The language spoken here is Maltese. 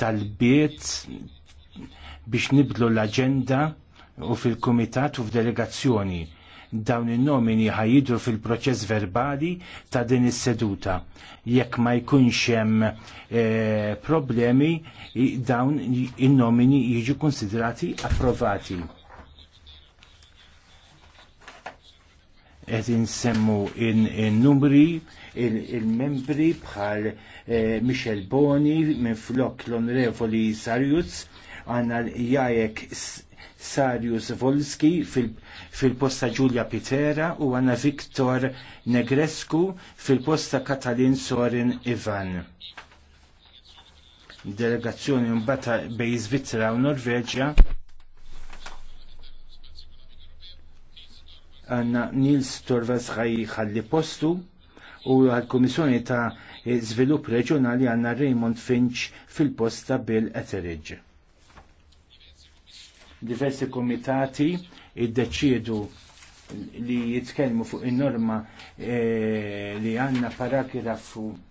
tal-biet biex nibdlu l-agenda u fil-komitat u f'delegazzjoni dawn in-nomini ħajidru fil-proċess verbali ta' din is-seduta. Jekk ma jkunx hemm e, problemi dawn in-nomini jiġu konsidrati approvati. qed insemmu in-numri in il-membri il bħal eh, Michel Boni minn flok l-Onrevoli Sarjuz għanna l-jajek Sarjus Volski fil-posta fil Giulia Pitera u għanna Viktor Negrescu fil-posta Katalin Sorin Ivan delegazzjoni mbata bej Svizzera u Norveġja għanna Nils Torvas ħalli postu u għal-Komissjoni ta' Zvilupp Reġjonali għanna Raymond Finch fil-posta Bill Etheridge. Diversi komitati id-deċiedu li jitkellmu fuq in-norma eh, li għanna paragrafu